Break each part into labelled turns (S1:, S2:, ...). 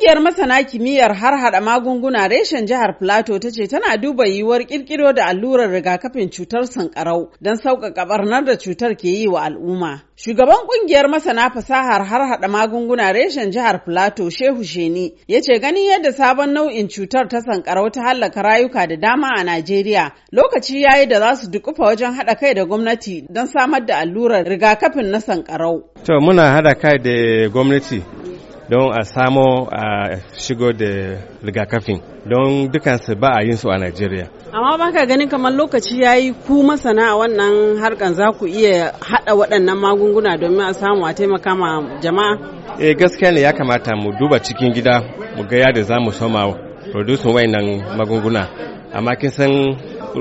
S1: Ƙungiyar masana kimiyyar harhaɗa magunguna reshen jihar Plateau ta ce tana duba yiwuwar ƙirƙiro da allurar rigakafin cutar sankarau don sauƙaƙa barnar da cutar ke yi wa al'umma. Shugaban ƙungiyar masana fasahar harhaɗa magunguna reshen jihar Plateau Shehu Sheni ya ce ganin yadda sabon nau'in cutar ta sankarau ta hallaka rayuka da dama a Najeriya lokaci ya yi da za su dukufa wajen haɗa kai da gwamnati don samar da allurar rigakafin na sankarau.
S2: To muna hada kai da gwamnati don a samo a shigo da rigakafin don dukansu ba a yin su a Najeriya.
S1: Amma baka ganin kamar lokaci ya yi ku masana a wannan harkan za ku iya haɗa waɗannan magunguna domin a samu a taimaka ma jama'a?
S2: e gaskiya ne ya kamata mu duba cikin gida mu gaya da za mu soma producing wayannan magunguna. Amma kin san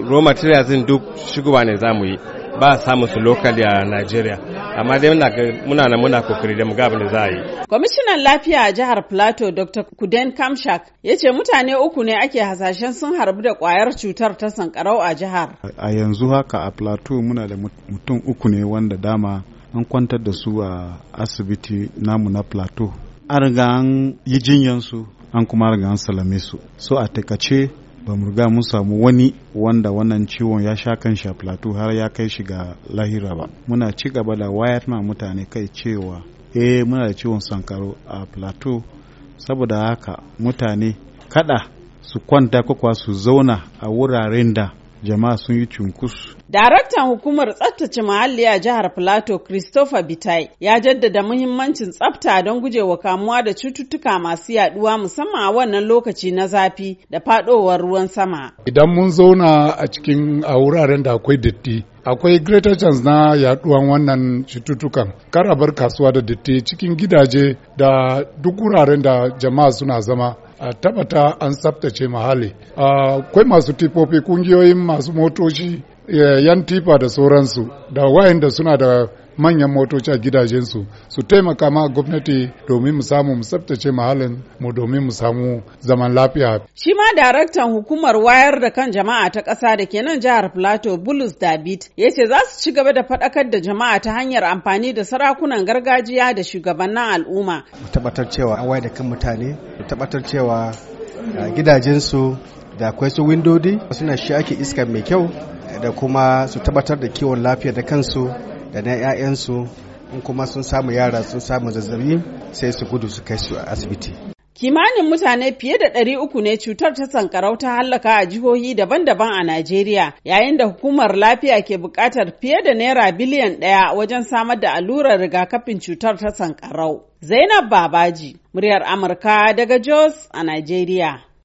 S2: raw materials duk shigowa ne za mu yi ba samun su locally a Najeriya. amma dai muna muna nan muna kokari da mu abin da za a yi
S1: kwamishinan lafiya a jihar plateau dr kuden kamshak ya ce mutane uku ne ake hasashen sun harbi da kwayar cutar ta sankarau a jihar
S3: a yanzu haka a plateau muna da mutum uku ne wanda dama an kwantar da su a asibiti namu na plateau an riga an yi jinyansu an kuma riga an salame su so a takace ba mu riga mun samu wani wanda wannan ciwon ya sha kan sha plateau har ya kai shi ga lahira ba muna ci gaba da wayar ma mutane kai cewa eh muna da ciwon sankaro a plateau saboda haka mutane kada su kwanta kwakwa su zauna a wuraren da jama'a sun yi cunkus.
S1: Daraktan hukumar tsaftace muhalli a jihar Plateau Christopher Bitai ya jaddada muhimmancin tsafta don gujewa kamuwa da cututtuka masu yaduwa musamman a wannan lokaci na zafi da fadowar ruwan sama.
S4: Idan mun zauna a cikin a wuraren da akwai datti akwai greater chance na yaduwan wannan cututtukan kar a bar kasuwa da datti cikin gidaje da duk wuraren da jama'a suna zama a tabbata an tsaftace muhalli akwai masu tifofi kungiyoyin masu motoci eh, yan tifa da sauransu da wayanda suna da manyan motoci a gidajensu su taimaka ma gwamnati domin mu samu mu tsaftace mahallin mu domin mu samu zaman lafiya.
S1: Shi ma daraktan hukumar wayar da kan jama'a ta ƙasa da ke nan jihar Plateau Bulus David ya ce za su ci gaba da faɗakar da jama'a ta hanyar amfani da sarakunan gargajiya da shugabannin al'umma.
S2: mu Tabbatar cewa an wayar da kan mutane, mu tabbatar cewa eh, gidajensu da akwai su windodi suna shi ake iska mai kyau da kuma su tabbatar da kiwon lafiya da kansu da na 'ya'yansu in kuma sun samu yara sun samu zazzabi sai su gudu su kai su a asibiti.
S1: Kimanin mutane fiye da ɗari uku ne cutar ta sankarau ta hallaka a jihohi daban-daban a Najeriya yayin da hukumar lafiya ke buƙatar fiye da naira biliyan ɗaya wajen samar da allurar rigakafin cutar ta sankarau. Zainab Babaji, muryar Amurka daga Jos a Najeriya.